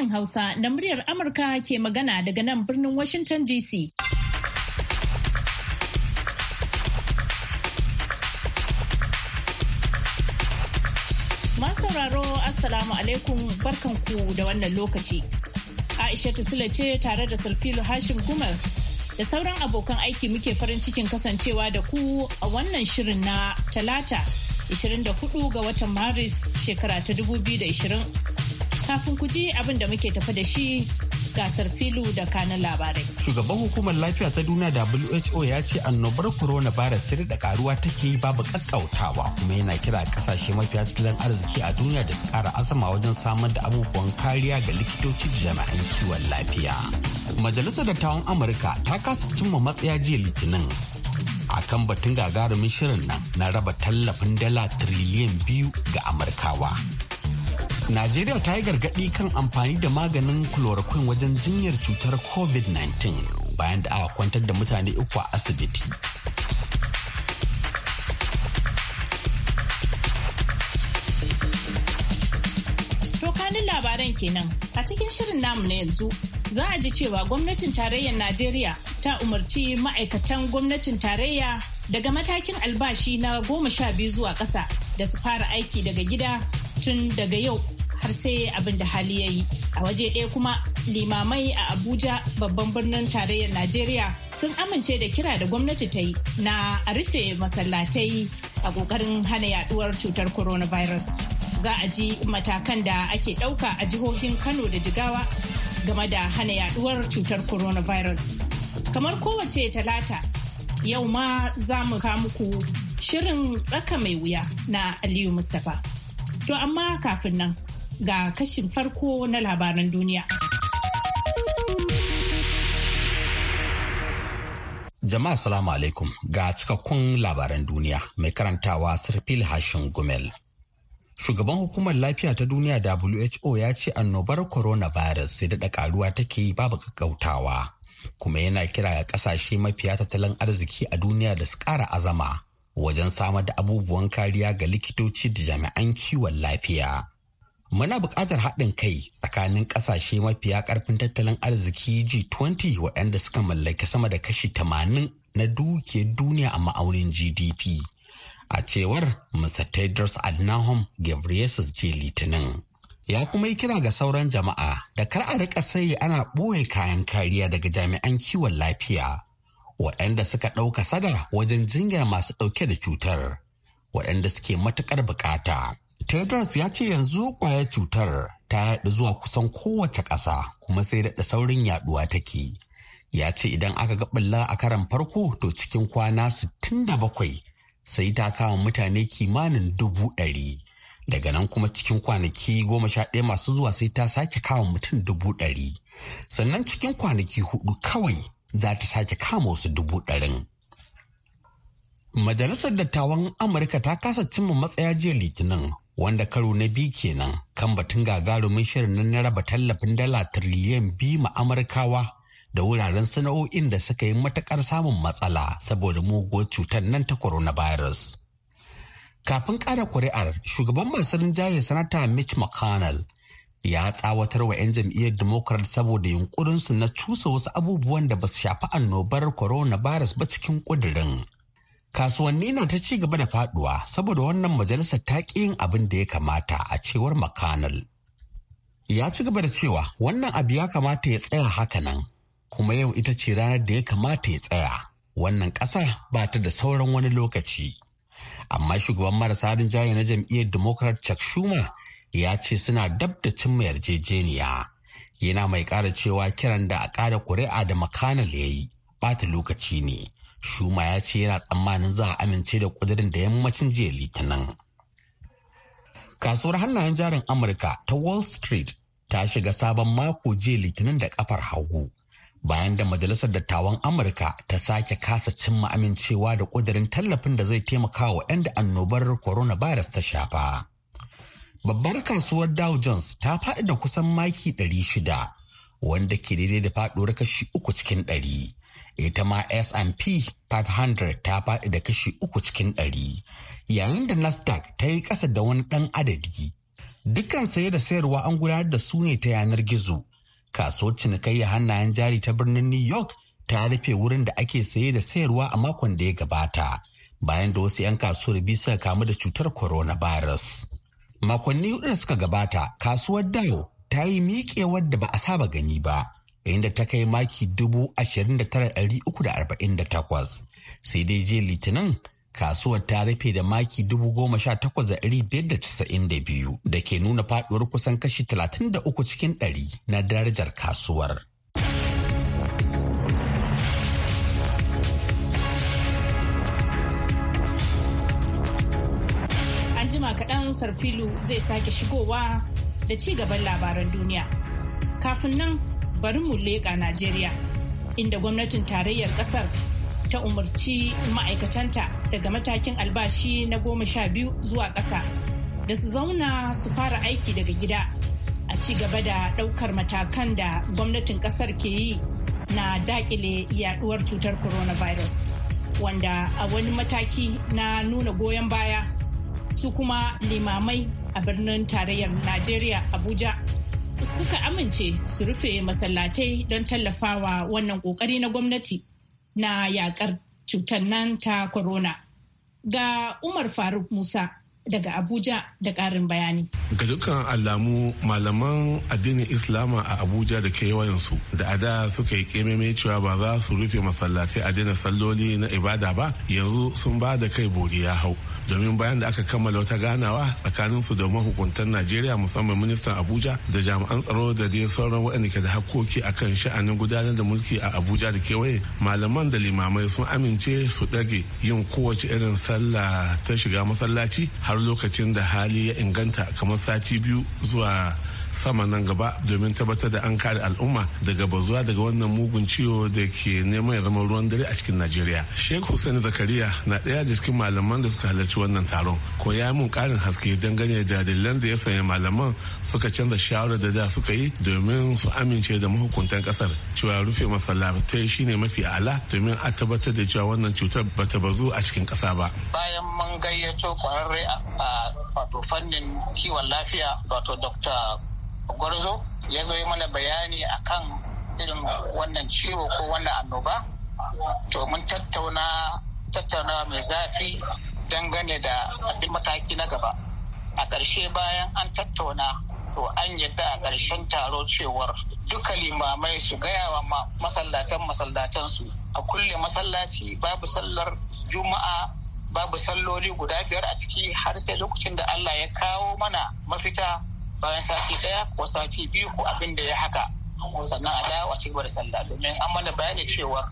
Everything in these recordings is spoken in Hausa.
sashen Hausa na muryar Amurka ke magana daga nan birnin Washington DC. sauraro Assalamu alaikum barkanku da wannan lokaci. Aisha Sule ce tare da sulfilu Hashim Gumar da sauran abokan aiki muke farin cikin kasancewa da ku a wannan shirin na talata 24 ga watan Maris shekara ta 2020. Kafin ku ji abin da muke tafa da shi gasar filu da kanan labarai. Shugaban hukumar lafiya ta duniya WHO ya ce annobar coronavirus sayar da karuwa take yi babu kakkautawa kuma yana kira kasashe mafiya tattalin arziki a duniya da su kara azama wajen samar da abubuwan kariya ga likitoci da jami'an kiwon lafiya. Majalisar Dattawan Amurka ta kasa cimma matsaya jiya Litinin a kan batun gagarumin shirin nan na raba tallafin dala tiriliyan biyu ga Amurkawa. Najeriya ta yi gargaɗi kan amfani da maganin chloroquine wajen jinyar cutar COVID-19 bayan da aka kwantar da mutane uku a asibiti. Tokanin labaran kenan a cikin shirin namu na yanzu za a ji cewa gwamnatin tarayyar Najeriya ta umarci ma'aikatan gwamnatin tarayya daga matakin albashi na goma sha biyu zuwa ƙasa da su fara aiki daga gida tun daga yau har sai abin da hali ya yi a waje ɗaya kuma limamai a abuja babban birnin tarayyar najeriya sun amince da kira da gwamnati ta yi na a rufe masallatai a ƙoƙarin hana yaduwar cutar coronavirus za a ji matakan da ake ɗauka a jihohin kano da jigawa game da hana yaduwar cutar coronavirus kamar kowace talata yau ma za mu muku shirin tsaka mai wuya na aliyu mustapha to amma kafin nan ga kashin farko na labaran duniya. Jama'a salamu alaikum ga cikakkun labaran duniya mai karantawa Sarfil Hashin Gumel. Shugaban hukumar lafiya ta duniya WHO ya ce annobar coronavirus sai daɗa karuwa take yi babu gaggautawa kuma yana kira ga ƙasashe mafiya tattalin arziki a duniya da su ƙara azama wajen samar da abubuwan kariya ga likitoci da jami'an kiwon lafiya. muna buƙatar haɗin kai tsakanin ƙasashe mafiya ƙarfin tattalin arziki G20 waɗanda suka mallaki sama da kashi 80 na dukiyar duniya a ma'aunin GDP. A cewar Mr. Tedros Adhanom Ghebreyesus je Litinin. Ya kuma yi kira ga sauran jama'a da kar a rika sayi ana ɓoye kayan kariya daga jami'an kiwon lafiya waɗanda suka ɗauka sada wajen jingar masu ɗauke da cutar waɗanda suke matuƙar buƙata. Tedros ya ce yanzu kwayar cutar ta yaɗu zuwa kusan kowace ƙasa kuma sai daɗa saurin yaɗuwa take. Ya ce idan aka ga ɓulla a karan farko to cikin kwana 67 sai ta kama mutane kimanin dubu ɗari. Daga nan kuma cikin kwanaki goma sha ɗaya masu zuwa sai ta sake kama mutum dubu ɗari. Sannan cikin kwanaki hudu kawai za ta sake kama wasu dubu ɗarin. Majalisar Dattawan Amurka ta kasa cimma matsaya jiya Litinin wanda karo na biyu kenan kan batun gagarumin shirin nan na raba tallafin dala tiriliyan biyu ma amurkawa da wuraren sana'o'in da suka yi matakar samun matsala saboda muguwar cutar nan ta coronavirus. Kafin ƙara kuri'ar, shugaban masu rinjaye sanata Mitch McConnell ya tsawatar wa 'yan jam'iyyar Democrat saboda yunkurinsu na cusa wasu abubuwan da ba su shafi annobar coronavirus ba cikin ƙudirin. kasuwanni na ta ci gaba da faduwa saboda wannan majalisar ta yin abin da ya kamata a cewar makanal ya ci gaba da cewa wannan abu ya kamata ya tsaya haka nan, kuma yau ita ce ranar da ya kamata ya tsaya wannan ƙasa ba ta da sauran wani lokaci amma shugaban marasa rinjaye na jam'iyyar democrat chuck schumer ya ce suna dab da cimma yarjejeniya yana mai ƙara cewa kiran da a ƙara ƙuri'a da makanal ya yi ɓata lokaci ne Shuma ya ce yana tsammanin za a amince da kudirin da yammacin jiya litinin. Kasuwar hannayen jarin Amurka ta Wall Street ta shiga sabon mako jiya litinin da kafar hagu. Bayan da Majalisar Dattawan Amurka ta sake kasa cimma amincewa da kudirin tallafin da zai taimaka wa 'yan da annobar coronavirus ta shafa. Babbar kasuwar Dow Jones ta faɗi da kusan maki 600 wanda ke daidai da faɗuwar kashi uku cikin ɗari. ita ma S&P 500 ta faɗi da kashi uku cikin ɗari yayin da Nasdaq ta yi ƙasa da wani ɗan adadi. Dukkan saye da sayarwa an gudanar da su ne ta yanar gizo. Kasuwar cinikayya hannayen jari ta birnin New York ta rufe wurin da ake saye da sayarwa a makon da ya gabata bayan da wasu 'yan kasuwar biyu suka kamu da cutar coronavirus. Makonni hudu da suka gabata kasuwar Dow ta yi miƙewar da ba a saba gani ba. inda ta kai maki 29,348 sai dai jiya litinin kasuwar ta rufe da maki 18,592 da ke nuna faɗuwar kusan kashi 33 cikin 100 na darajar kasuwar. anjima kaɗan sarfilu zai sake shigowa da ci gaban labaran duniya. Kafin nan bari mu leƙa najeriya inda gwamnatin tarayyar ƙasar ta umarci ma'aikatanta daga matakin albashi na goma sha biyu zuwa ƙasa da su zauna su fara aiki daga gida a ci gaba da ɗaukar matakan da gwamnatin ƙasar ke yi na daƙile yaɗuwar cutar coronavirus wanda a wani mataki na nuna goyon baya su kuma limamai a birnin tarayyar najeriya abuja suka amince su rufe masallatai don tallafawa wannan kokari na gwamnati na yakar cutar nan ta corona ga umar faruk musa daga Abuja da ƙarin bayani. Ga dukkan alamu malaman addinin Islama a Abuja da kewayensu da ada suka yi kememe cewa ba za su rufe masallatai a daina salloli na ibada ba yanzu sun ba da kai bori ya hau. domin bayan da aka kammala wata ganawa tsakanin su da mahukuntan najeriya musamman ministan abuja da jami'an tsaro da dai sauran waɗanda ke da hakkoki akan sha'anin gudanar da mulki a abuja da kewaye malaman da limamai sun amince su ɗage yin kowace irin sallah ta shiga masallaci har lokacin da hali ya inganta kamar sati biyu zuwa sama nan gaba domin tabbatar da an kare al'umma daga bazuwa daga wannan mugun ciwo da ke neman ya zama ruwan dare a cikin najeriya sheikh hussein zakariya na ɗaya da cikin malaman da suka halarci wannan taron ko ya mun karin haske dangane da dalilan da ya sanya malaman suka canza shawarar da da suka yi domin su amince da mahukuntan kasar cewa rufe masallatai shine mafi ala domin a tabbatar da cewa wannan cutar bata bazu a cikin kasa ba bayan mun gayyato kwararre a fannin kiwon lafiya wato dr gwarzo ya zo yi mana bayani a kan irin wannan ciwo ko wannan annoba to mun tattauna tattauna mai zafi dangane da abin mataki na gaba a ƙarshe bayan an tattauna to an yadda a ƙarshen taro cewar duka limamai su gaya wa masallatan masallatansu a kulle masallaci babu sallar juma'a babu salloli guda biyar a ciki har sai lokacin da allah ya kawo mana mafita bayan sati ɗaya ko sati biyu ko abin da ya haka sannan a dawo a ci da sallah domin an mana bayani cewa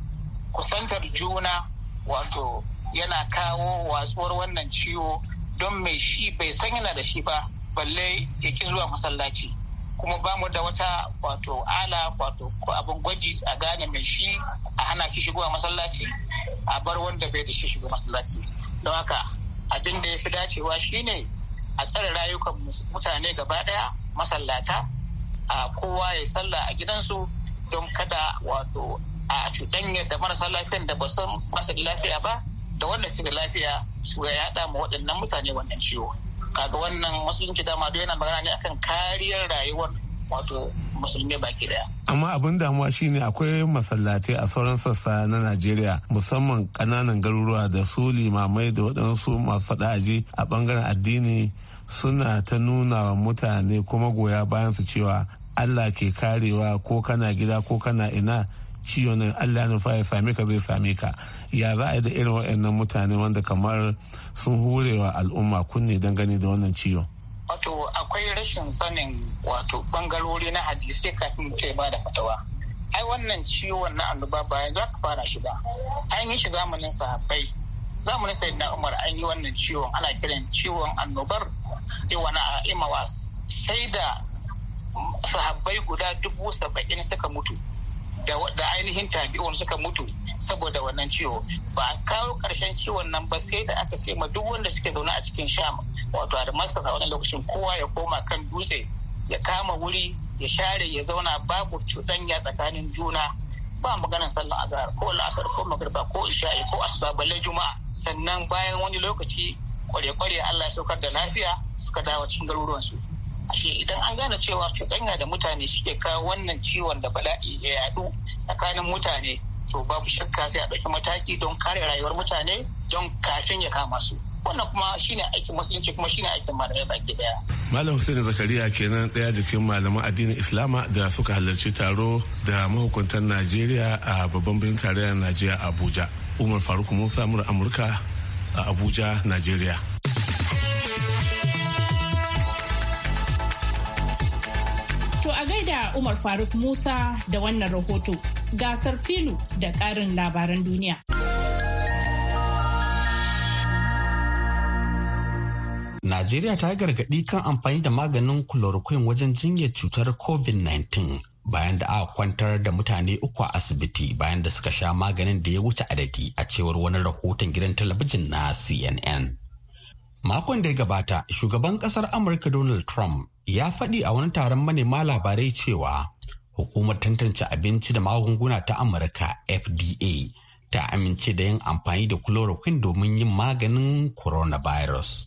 kusantar juna wato yana kawo watsuwar wannan ciwo don mai shi bai san yana da shi ba balle ya ki zuwa masallaci kuma ba mu da wata wato ala wato ko abin gwaji a gane mai shi a hana shi shigowa masallaci a bar wanda bai da shi shigo masallaci don haka abin da ya fi dacewa shine a tsare rayukan mutane gaba ɗaya masallata a kowa ya sallah a gidansu don kada wato a cuɗanya da marasa lafiyan da ba san lafiya ba da wanda cikin lafiya su ya yada ma waɗannan mutane wannan ciwo kaga wannan musulunci dama duk yana magana ne akan kariyar rayuwar wato musulmi baki daya. Amma abin damuwa shine akwai masallatai a sauran sassa na Najeriya musamman kananan garuruwa da su limamai da waɗansu masu faɗa aji a bangaren addini suna ta nuna wa mutane kuma goya bayan su cewa allah ke karewa ko kana gida ko kana ina ciwo nan Allah nufa ya same ka zai same ka ya za a yi da irin wa'annan mutane wanda kamar sun hurewa al'umma kunne don gani da wannan ciwon. Wato akwai rashin sanin wato bangarori na hadisai kafin mutum ya ba da fatawa. Ai wannan ciwon na annoba bayan za ka fara shi ba. An yi shi zamanin sahabbai Za mu nasa sayyidina umar an yi wannan ciwon ana kiran ciwon annobar wani a imawas sai da sahabbai guda dubu saba'in suka mutu da ainihin tabi'un suka mutu saboda wannan ciwo ba a kawo karshen ciwon nan ba sai da aka ce ma duk wanda suke zaune a cikin sham wato a damascus a wannan lokacin kowa ya koma kan dutse ya kama wuri ya share ya zauna babu cutanya tsakanin juna ba maganar sallar azhar ko la'asar ko magriba ko isha'i ko asuba balle juma'a sannan bayan wani lokaci kware-kware Allah ya saukar da lafiya suka dawo cikin garuruwansu ashe idan an gane cewa cuɗanya da mutane suke kawo wannan ciwon da bala'i ya yaɗu tsakanin mutane to babu shakka sai a ɗauki mataki don kare rayuwar mutane don kafin ya kama su wannan kuma shine aikin musulunci kuma shine aikin malamai baki daya malam hussein zakariya kenan daya jikin malaman addinin islama da suka halarci taro da mahukuntan najeriya a babban birnin tarayyar najeriya abuja umar faruk musa mura amurka a abuja najeriya To a gaida Umar Faruk Musa da wannan rahoto gasar filu da ƙarin labaran duniya. Najeriya ta gargaɗi kan amfani da maganin chloroquine wajen jinyar cutar COVID-19 bayan da aka kwantar da mutane uku a asibiti bayan da suka sha maganin da ya wuce adadi a cewar wani rahoton gidan talabijin na CNN. Makon da ya gabata, shugaban kasar Amurka Donald Trump ya faɗi a wani taron manema labarai cewa hukumar tantance abinci da magunguna ta Amurka FDA ta amince da yin amfani da chloroquine domin yin maganin coronavirus.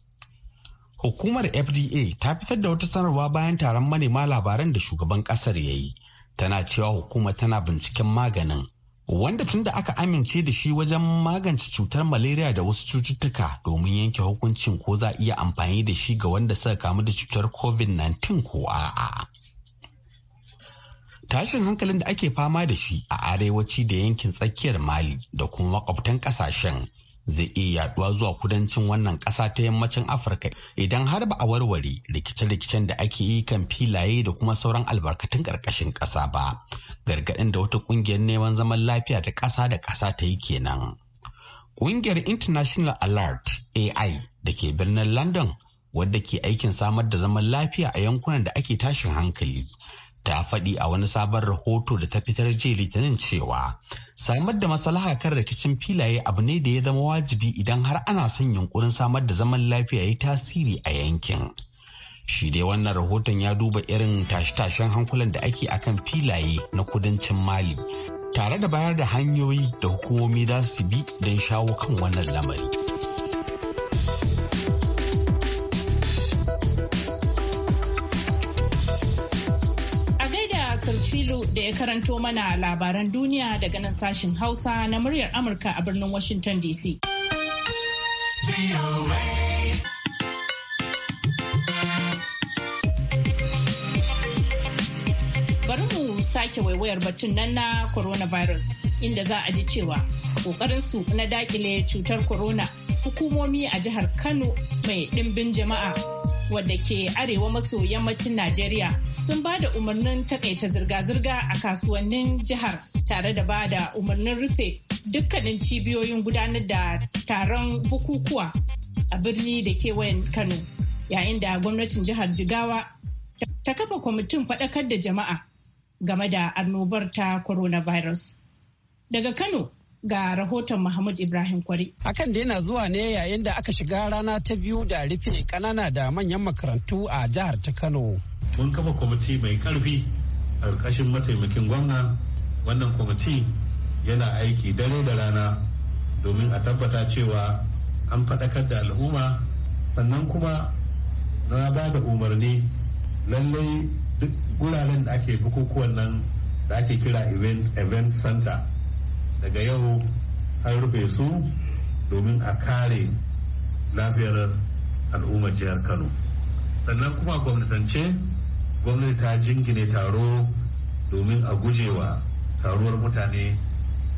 Hukumar FDA ta fitar da wata sanarwa bayan taron manema labaran da shugaban kasar ya yi. Tana cewa hukumar tana binciken maganin wanda tun da aka amince da shi wajen magance cutar malaria da wasu cututtuka domin yanke hukuncin ko za iya amfani da shi ga wanda suka kamu da cutar covid-19 ko a'a. Tashin hankalin da ake fama da shi a arewaci da yankin tsakiyar Mali da kuma makwabtan kasashen zai iya yaduwa zuwa kudancin wannan ƙasa ta yammacin afirka idan har ba a warware rikice-rikicen da ake yi kan filaye da kuma sauran albarkatun ƙarƙashin ƙasa ba gargaɗin da wata ƙungiyar neman zaman lafiya ta ƙasa da ƙasa ta yi kenan ƙungiyar international alert ai da ke birnin london wadda ke aikin samar da zaman lafiya a yankunan da ake tashin hankali ta faɗi a wani sabon rahoto da ta fitar jiya litinin cewa samar da maslaha kan rikicin filaye abu ne da ya zama wajibi idan har ana son yunkurin samar da zaman lafiya ya tasiri a yankin shi dai wannan rahoton ya duba irin tashe-tashen hankulan da ake akan filaye na kudancin mali tare da bayar da hanyoyi da hukumomi za su bi don shawo kan wannan lamari Bello da ya karanto mana labaran duniya daga nan sashen Hausa na muryar Amurka a birnin Washington DC. Bari mu sake waiwayar batun nan na coronavirus inda za a ji cewa su na dakile cutar corona hukumomi a jihar Kano mai ɗimbin jama'a wadda ke arewa maso yammacin Najeriya sun ba da umarnin takaita zirga-zirga a kasuwannin jihar tare da ba da umarnin rufe dukkanin cibiyoyin gudanar da taron bukukuwa a birni da kewayen Kano yayin da gwamnatin jihar Jigawa ta kafa kwamitin faɗakar da jama'a game da annobar ta coronavirus. Daga Kano ga rahoton Mahmud Ibrahim Kwari. Hakan da yana zuwa ne yayin da aka shiga rana ta biyu da rufe kanana da manyan makarantu a jihar ta Kano. Mun kafa kwamiti mai karfi a ƙarƙashin mataimakin gwamna wannan kwamiti yana aiki dare da rana domin a tabbata cewa an faɗakar da al'umma sannan kuma na ba da umarni lallai duk guraren da ake bukukuwan nan da ake kira event center daga yau an rufe su domin a kare lafiyar al'ummar jihar kano sannan kuma gwamnatance gwamnati ta jingine taro domin a gujewa taruwar mutane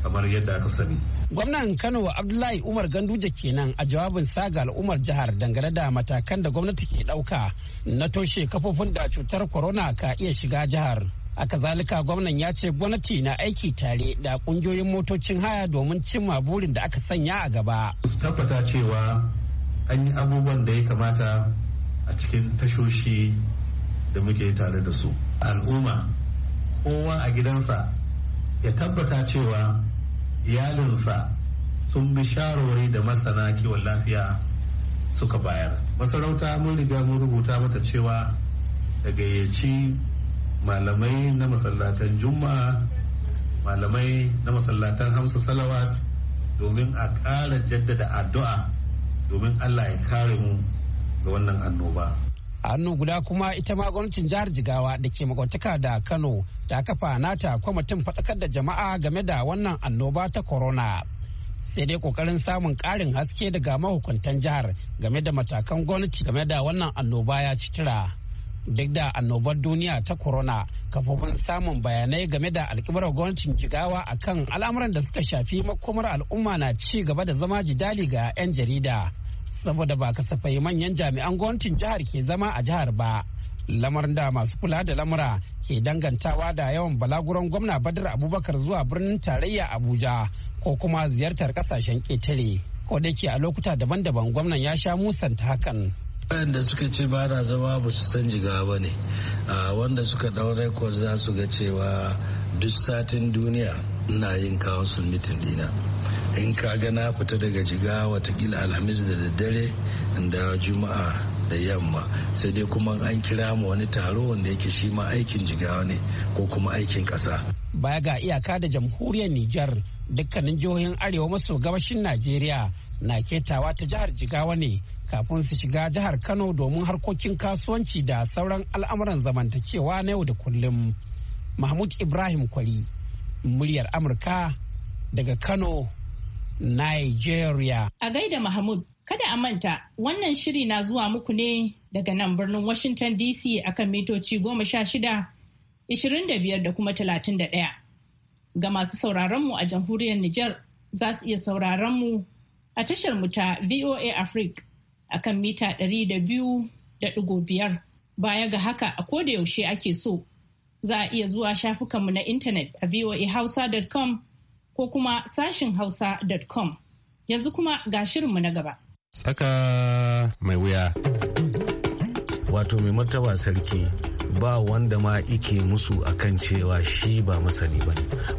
kamar yadda aka sani gwamnan kano abdullahi umar ganduje kenan a jawabin saga al'ummar jihar dangane da matakan da gwamnati ke ɗauka na toshe kafofin da cutar corona ka iya shiga jihar A kazalika gwamnan ya ce gwamnati na aiki tare da kungiyoyin motocin haya domin cimma burin da aka sanya a gaba. Su tabbata cewa an yi abubuwan da ya kamata a cikin tashoshi da muke tare da su. Al'umma kowa a gidansa ya tabbata cewa iyalinsa sun bi shawarwari da masana kiwon lafiya suka bayar. Masarauta mun riga mun rubuta mata cewa da gayyaci malamai na masallatan juma'a malamai na masallatan hamsa salawat domin a ƙara jaddada addu'a domin allah ya kare mu ga wannan annoba a hannu guda kuma ita ma gwamnatin jihar jigawa da ke makwantaka da kano ta kafa nata kwamitin faɗakar da jama'a game da wannan annoba ta corona sai dai kokarin samun ƙarin haske daga mahukuntan jihar game da matakan gwamnati game da wannan annoba ya ci tira duk da annobar duniya ta corona kafofin samun bayanai game da alkibar gwamnatin jigawa akan al'amuran da suka shafi makomar al'umma na ci gaba da zama jidali ga 'yan jarida saboda ba kasafai manyan jami'an gwamnatin jihar ke zama a jihar ba lamarin da masu kula da lamura ke dangantawa da yawan balaguron gwamna badar abubakar zuwa birnin tarayya abuja ko kuma ziyartar kasashen ketare ko da ke a lokuta daban-daban gwamnan ya sha musanta hakan Wanda suka ce ba na zama ba su san jigawa ba ne. Wanda suka ɗau rekod za su ga cewa duk satin duniya ina yin council meeting dina. In ka ga na fita daga jigawa watakila alhamis da daddare da juma'a da yamma sai dai kuma an kira mu wani taro wanda yake shi ma aikin jigawa ne ko kuma aikin ƙasa. baya ga iyaka da jamhuriyar Nijar dukkanin jihohin arewa maso gabashin Najeriya na ketawa ta jihar Jigawa ne kafin su shiga jihar Kano domin harkokin kasuwanci da sauran al'amuran zamantakewa na yau da kullum. Mahmud Ibrahim Kwari, muryar Amurka daga Kano, Nigeria. A gaida Mahmud, kada a manta wannan shiri na zuwa muku ne daga nan birnin Washington DC akan mitoci goma sha shida, ishirin da biyar da kuma talatin da ɗaya. Ga masu sauraron mu a jamhuriyar Nijar za su iya mu a tashar mu ta VOA Africa akan mita ɗari da da biyu ɗigo biyar baya ga haka a koda yaushe ake so za a iya zuwa shafukanmu na intanet a voahausa.com ko kuma sashin hausa.com yanzu kuma ga shirinmu na gaba tsaka mai wuya wato mai martaba sarki ba wanda ma ike musu akan cewa shi ba masani ba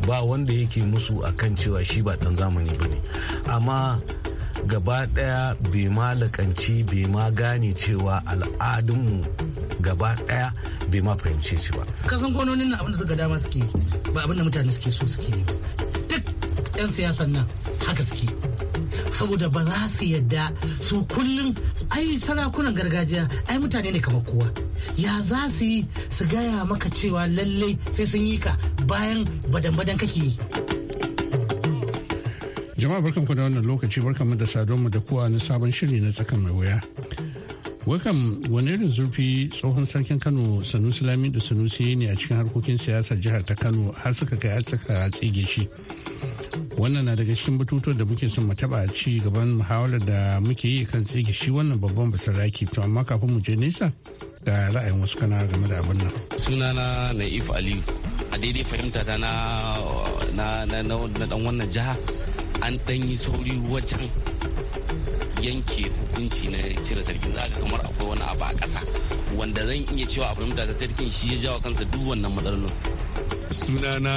ba wanda yake musu akan cewa shi ba dan zamani ba ne amma gaba daya bai malakanci bai ma gane cewa al'adunmu gaba daya bai ma fahimce shi ba kasan gononin na abinda suka dama suke ba abinda mutane suke so suke yi duk 'yan siyasan nan haka suke saboda ba za su yadda su kullum ai sarakunan gargajiya ai mutane ne kamar kowa ya za su yi su gaya maka cewa lallai sai sun yi ka bayan badan-badan kake yi. jama'a ku da wannan lokaci mu da mu da kowa na sabon shiri na tsakan mai wuya wakan wani irin zurfi tsohon sarkin kano sanusi lami da sanusi ne a cikin harkokin siyasar jihar ta kano har suka kai har suka tsige shi wannan na daga cikin batutuwan da muke son mu a ci gaban muhawarar da muke yi kan tsige shi wannan babban basaraki to amma kafin mu je nesa da ra'ayin wasu kana game da abin nan sunana naif aliyu a daidai fahimta ta na na na dan wannan jiha an ɗan yi sauri wajen yanke hukunci na cire sarkin za ka kamar akwai wani abu a ƙasa wanda zan iya cewa abin da ta sarkin shi ya jawo kansa duk wannan matsalolin sunana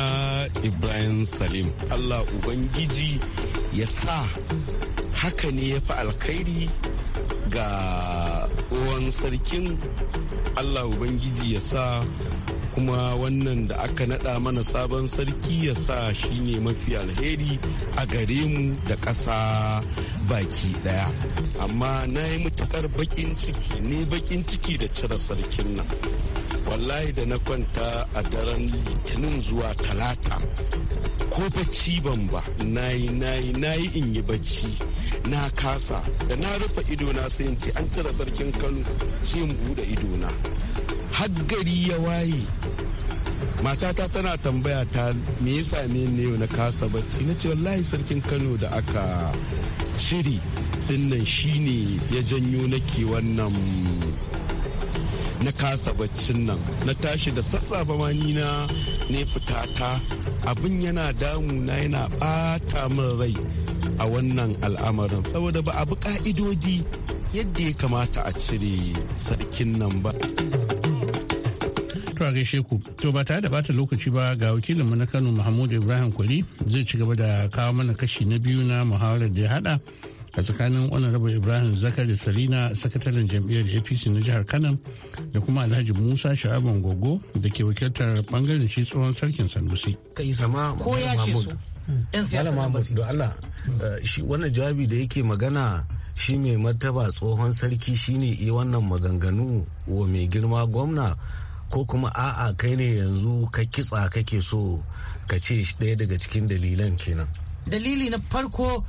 ibrahim salim allah ubangiji ya sa haka ne ya fi alkhairi ga uwan sarkin allah ubangiji ya sa kuma wannan da aka naɗa mana sabon sarki ya sa shi ne mafi alheri a gare mu da ƙasa baki ɗaya amma na yi matuƙar baƙin ciki ne bakin ciki da cire sarkin nan wallahi da na kwanta a daren litinin zuwa talata ko bacci ban ba yi na yi in yi bacci na kasa da na rufe idona sai in ce an cire sarkin kano sai in bude idona haggari ya waye matata tana tambaya ta me yasa ne ne na kasa bacci na ce wallahi sarkin kano da aka shiri dinnan shine ya janyo nake wannan na kasa baccin nan na tashi da sassafe ma ne fitata abin yana damuna yana bata min rai a wannan al'amarin saboda ba abu ka'idoji yadda ya kamata a cire sarkin nan ba. to a gaishe ku to ba tare da bata lokaci ba ga wakilinmu na kano mahmud ibrahim kwali zai ci gaba da kawo mana kashi na biyu na muhawarar da ya hada a tsakanin honorable ibrahim zakari salina sakataren jam'iyyar apc na jihar kano da kuma alhaji musa sha'aban gogo da ke wakiltar bangaren shi tsohon sarkin sanusi ko eh, shi jawabi da yake magana shi mai martaba tsohon sarki shine iya wannan maganganu wa mai girma gwamna ko kuma a'a kai ne yanzu ka kitsa kake so ka ce ɗaya daga cikin dalilan kenan dalili na farko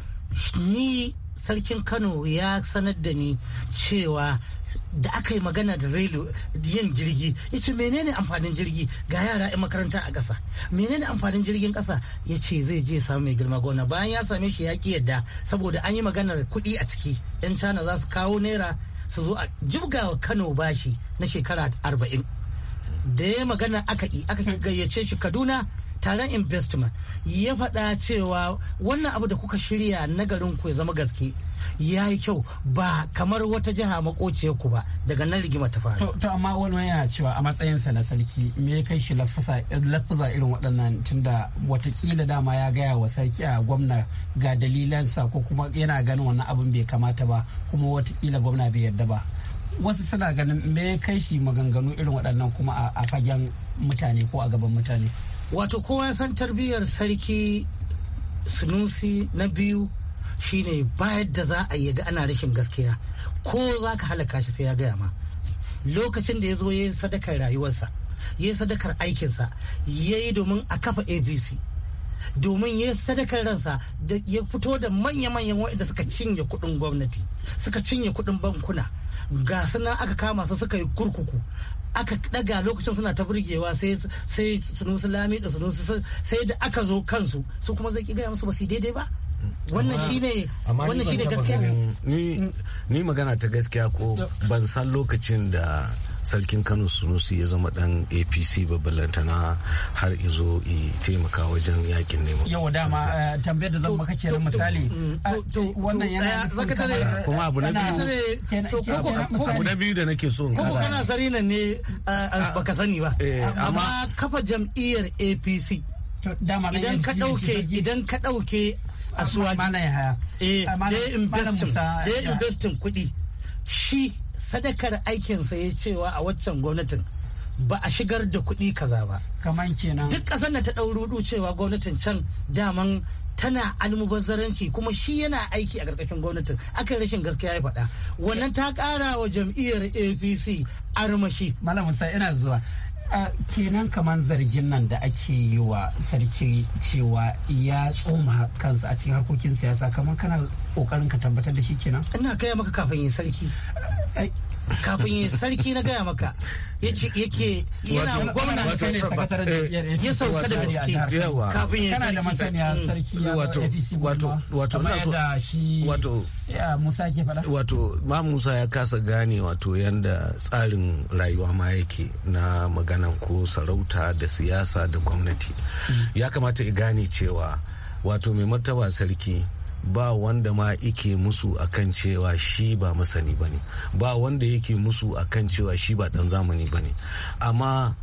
ni sarkin kano ya sanar da ni cewa da aka yi magana da railo yin jirgi ya ce menene amfanin jirgi ga yara 'yan makaranta a ƙasa menene amfanin jirgin ƙasa ya ce zai je samu mai girma gona bayan ya same shi ya ki yadda saboda an yi maganar kuɗi a ciki 'yan cana za su kawo naira su zo a jibga kano bashi na shekara arba'in da ya magana aka yi aka gayyace shi kaduna taron investment ya faɗa cewa wannan abu da kuka shirya na garin ku ya zama gaske ya yi kyau ba kamar wata jiha makociyar ku ba daga nan rigima ta faru. To amma wani yana cewa a matsayinsa na sarki me ya kai shi lafuza irin waɗannan tunda watakila dama ya gaya wa sarki a gwamna ga dalilansa ko kuma yana ganin wannan abin bai kamata ba kuma watakila gwamna bai yarda ba. wasu suna ganin me kai shi maganganu irin waɗannan kuma a fagen mutane ko a gaban mutane wato kowa san tarbiyyar sarki sunusi na biyu shine bayar da za a yi ga ana rashin gaskiya ko za ka halaka shi sai ya gaya ma lokacin da ya zo ya yi sadakar rayuwarsa ya yi sadakar aikinsa ya yi domin a kafa abc domin ya yi sadakar ransa ya fito da manya-manyan waɗanda suka cinye kuɗin gwamnati suka cinye kuɗin bankuna ga suna aka kama su suka yi kurkuku aka daga lokacin suna ta burgewa sai sai sunusu lami da sunusu sai da aka zo kansu su kuma zai gaya musu ba su daidai ba wannan shine wannan shine gaskiya ni magana ta gaskiya ko ban san lokacin da sarkin kano sunusi ya zama dan apc babalantana har izo i taimaka wajen yakin neman yawa dama eh, tambayar da zan maka ke kenan misali eh, wannan yana eh, kuma abu na biyu abu na biyu da nake so ko kana sarinan ne ah, baka sani ba amma kafa jam'iyyar apc idan ka dauke idan ka dauke a suwaji da investing kuɗi shi sadakar aikinsa ya cewa a waccan gwamnatin ba a shigar da kuɗi kaza ba. Kaman kenan. Duk ƙasar da ta ɗau rudu cewa gwamnatin can daman tana almubazzaranci kuma shi yana aiki a ƙarƙashin gwamnatin yi rashin gaskiya ya faɗa wannan ta ƙara wa jam'iyyar apc armashi malam musa ina zuwa kenan kamar zargin nan da ake yi wa sarki cewa ya tsoma kansa a cikin harkokin siyasa kamar kana kokarin ka tabbatar da shi kenan ina kai maka kafin yin sarki kafin sarki na gaya maka yake yana gwamna eh, ya sauka daga ciki kafin ya kana da masaniya sarki ya wato wato wato na so wato Musa ke fada wato ma Musa ya kasa gane wato yanda tsarin rayuwa ma yake na maganan ko sarauta da siyasa da gwamnati mm. ya kamata ya gane cewa wato mai martaba sarki ba wanda ma yake musu akan cewa shi ba masani ba ne ba wanda yake musu akan cewa shi ba dan zamani ba ne amma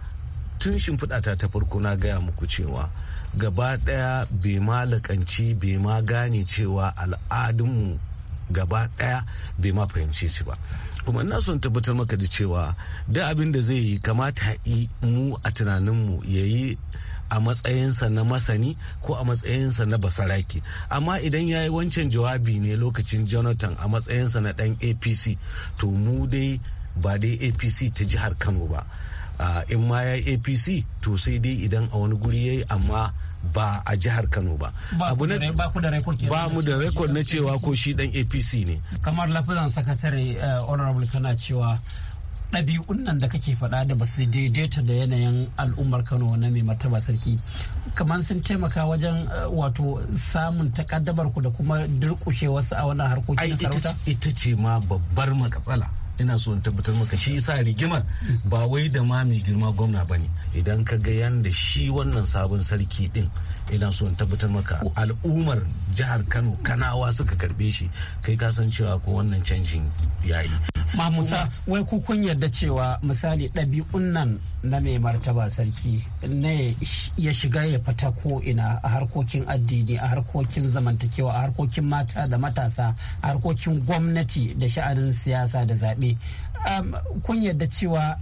tun shimfiɗata ta farko na gaya muku cewa gaba ɗaya bai ma laƙanci bai ma gane cewa al'adunmu gaba ɗaya bai ma fahimce shi ba kuma ina son tabbatar maka da cewa da abin da zai yi kamata yi mu a tunaninmu ya yi a matsayinsa na masani ko a matsayinsa na basaraki amma idan ya yi wancan jawabi ne lokacin jonathan a matsayinsa na dan apc to mu dai ba dai apc ta jihar kano ba in ma ya apc to sai dai idan a wani guri ya yi amma ba a jihar Kano ba. ba mu da rekod na cewa ko shi dan APC ne. Kamar lafizan sakatare eh, honorable kana cewa ɗabi'un nan da kake faɗa da ba su daidaita da yanayin al'ummar kano na mai martaba sarki kamar sun taimaka wajen eh, wato samun takaddamar ku da kuma durƙushe wasu a wannan harkokin sarauta ita ce ma babbar makatsala ina so in tabbatar maka shi yasa rigimar ba wai da ma mai girma gwamna ba ne idan ka ga yanda shi wannan sabon sarki din ina so in tabbatar maka al'ummar jihar kano kanawa suka karbe shi kai ka cewa ko wannan canjin yayi ma musa wai ku kun yarda cewa misali ɗabi'un nan na mai martaba sarki ne ya shiga ya fita ko ina a harkokin addini a harkokin zamantakewa a harkokin mata da matasa a harkokin gwamnati da sha'anin siyasa da zaɓe kun yarda cewa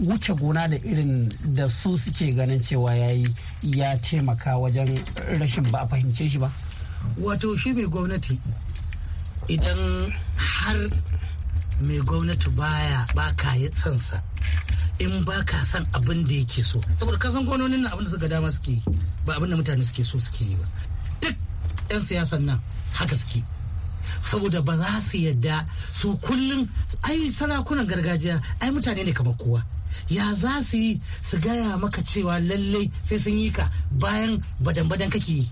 wuce gona da irin da su suke ganin cewa ya yi ya taimaka wajen rashin ba a fahimce shi ba wato shi mai gwamnati idan har mai gwamnati baya ba ka yi in baka ka san abin da yake so saboda kasan gwamnonin na abin da suka dama suke ba abin da mutane suke so suke yi ba duk 'yan siyasan nan haka suke saboda ba za su yadda su kullum ai sarakunan gargajiya ai mutane ne kamar kowa ya za su yi su gaya maka cewa lallai sai sun yi ka bayan badan-badan kake yi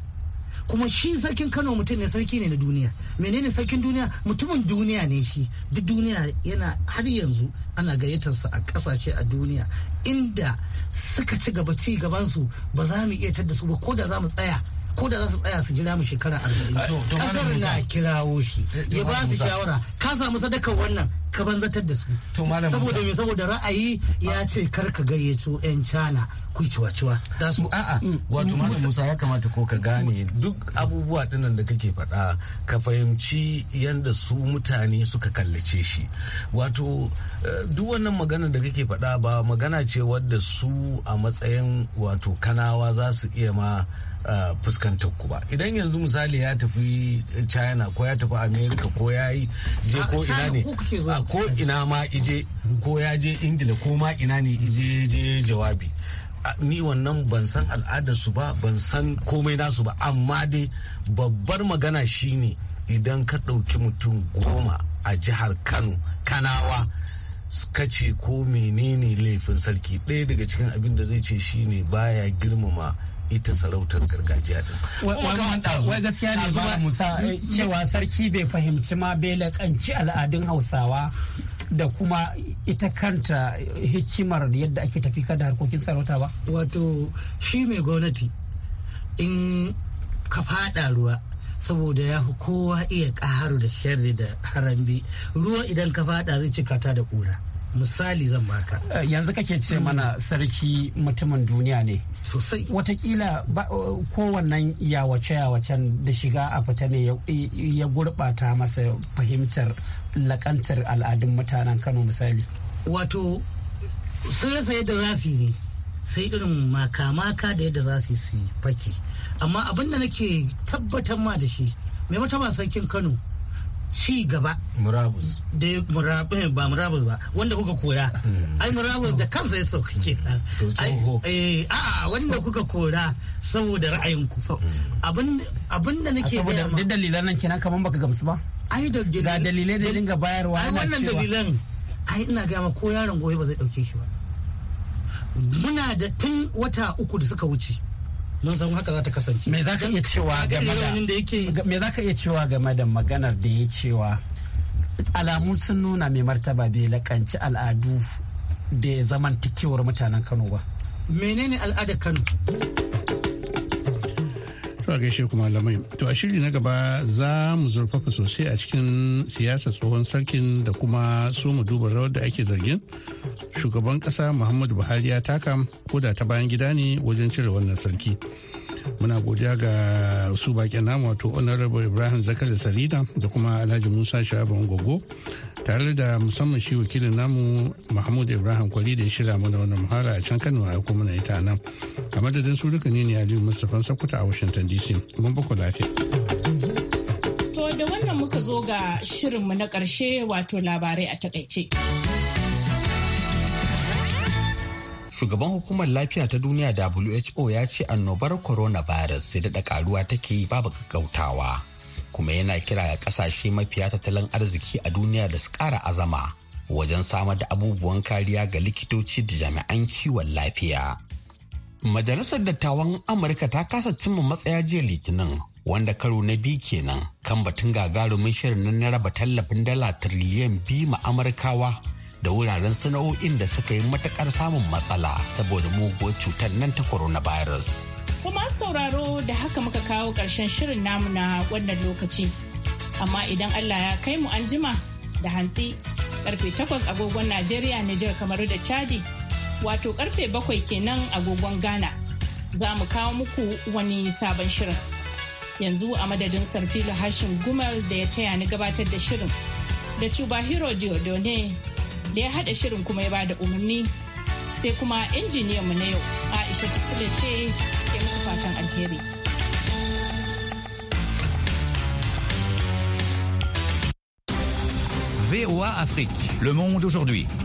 kuma shi sarkin kano mutum ne sarki ne na duniya menene sarkin duniya mutumin duniya ne shi duk duniya yana har yanzu ana gayyatarsa a kasashe a duniya inda suka ci gaba ci gabansu ba za mu iya tadda su ba ko da za mu tsaya ko da za su tsaya su jira mu shekara arba'in kasar na kirawo shi ya ba su shawara ka samu sadakar wannan ka banzatar da su saboda me saboda ra'ayi ya ce kar ka gayyato yan cana ku ciwa-ciwa da su a'a mm. wato malam musa ya kamata ko ka gane duk abubuwa dinnan da kake faɗa ka fahimci yadda su mutane suka kallace shi wato eh, duk wannan magana da kake faɗa ba magana ce wadda su a matsayin wato kanawa za su iya ma fuskantar ku ba idan yanzu misali ya tafi china ko ya tafi america ko ya yi je ko ina ne ko ina ma ije ko ya je ingila ko ma ina ne ije je jawabi ni wannan ban san al'adarsu ba ban san komai nasu ba amma dai babbar magana shine idan ka ɗauki mutum goma a jihar kano kanawa suka ce ko menene laifin sarki ɗaya daga cikin abin da zai ce shine baya girmama ita sarautar gargajiya din. Wai gaskiya ne ba musa eh, hmm. cewa sarki bai fahimci ma bai laƙanci al'adun Hausawa da kuma ita kanta hikimar yadda ake tafi da harkokin sarauta ba. Wato shi mai gwamnati in ka fada ruwa saboda ya fi kowa iya ƙaharu da sharri da harambe ruwa idan ka fada zai cika ta da ƙura. misali zan baka eh, yanzu kake ce mana hmm. sarki mutumin duniya ne sosai watakila eh, kowannan yawace yawacen da shiga a fita ne ya gurɓata masa fahimtar lakantar al'adun mutanen kano misali wato sun rasa yadda za su yi sai irin makamaka da yadda za su yi fake amma abin da nake tabbatar ma da shi mai mata sarkin kano ci gaba murabus da murabus eh, ba murabus ba wanda kuka kora hmm. ai murabus da kansa ya sauka ke eh, a a wanda kuka kora saboda ra'ayinku hmm. abin da nake ma duk dalilan nan kenan kamar baka gamsu ba ai da dalilai da dinga bayarwa ai wannan dalilan ai ina ga ma ko yaron gobe ba zai dauke shi ba muna da tun wata uku da suka wuce mun san haka za ta kasance me zaka iya cewa game da me zaka iya cewa game da maganar da ya cewa alamu sun nuna mai martaba bai lakanci al'adu da zaman tikewar mutanen Kano ba menene al'adar Kano a gaishe kuma lamai to a shiri na gaba za mu zurfafa sosai a cikin siyasa tsohon sarkin da kuma so mu duba rawar da ake zargin shugaban kasa muhammadu buhari ya taka koda ta bayan gida ne wajen cire wannan sarki muna godiya ga su baƙin namu wato honorable ibrahim zakari sarida da kuma alhaji musa shaban gogo tare da musamman shi wakilin namu mahmud ibrahim kwali da ya shirya mana wannan muhara a can kano a kuma na ita nan a madadin su duka ne ne aliyu mustapha sakuta a washington dc mun lafiya to da wannan muka zo ga shirinmu na ƙarshe wato labarai a takaice shugaban hukumar lafiya ta duniya who ya ce annobar coronavirus sai daɗa karuwa take yi babu gaggautawa kuma yana kira ga ƙasashe mafiya tattalin arziki a duniya da su ƙara azama wajen samar da abubuwan kariya ga likitoci da jami'an kiwon lafiya majalisar dattawan amurka ta kasa cimma matsaya jiya litinin wanda karo na biyu kenan kan batun gagarumin shirin na raba tallafin dala tiriliyan biyu ma amurkawa da wuraren sana'o'in da suka yi matakar samun matsala saboda muguwar cutar nan ta coronavirus. Kuma sauraro da haka muka kawo ƙarshen shirin namu na wannan lokaci. Amma idan Allah ya kai mu an jima da hantsi karfe takwas agogon Najeriya, Nijar, kamar da Chadi, wato karfe bakwai kenan agogon Ghana. Za mu kawo muku wani sabon shirin. Yanzu a madadin Sarfilo hashin Gumal da ya taya ni gabatar da shirin. Da Cuba Hero Diodone da ya haɗa shirin kuma ya bada umarni sai kuma injiniyanmu na yau aisha tasila ce ke muku fatan alheri. VOA Afrique. Le monde aujourd'hui.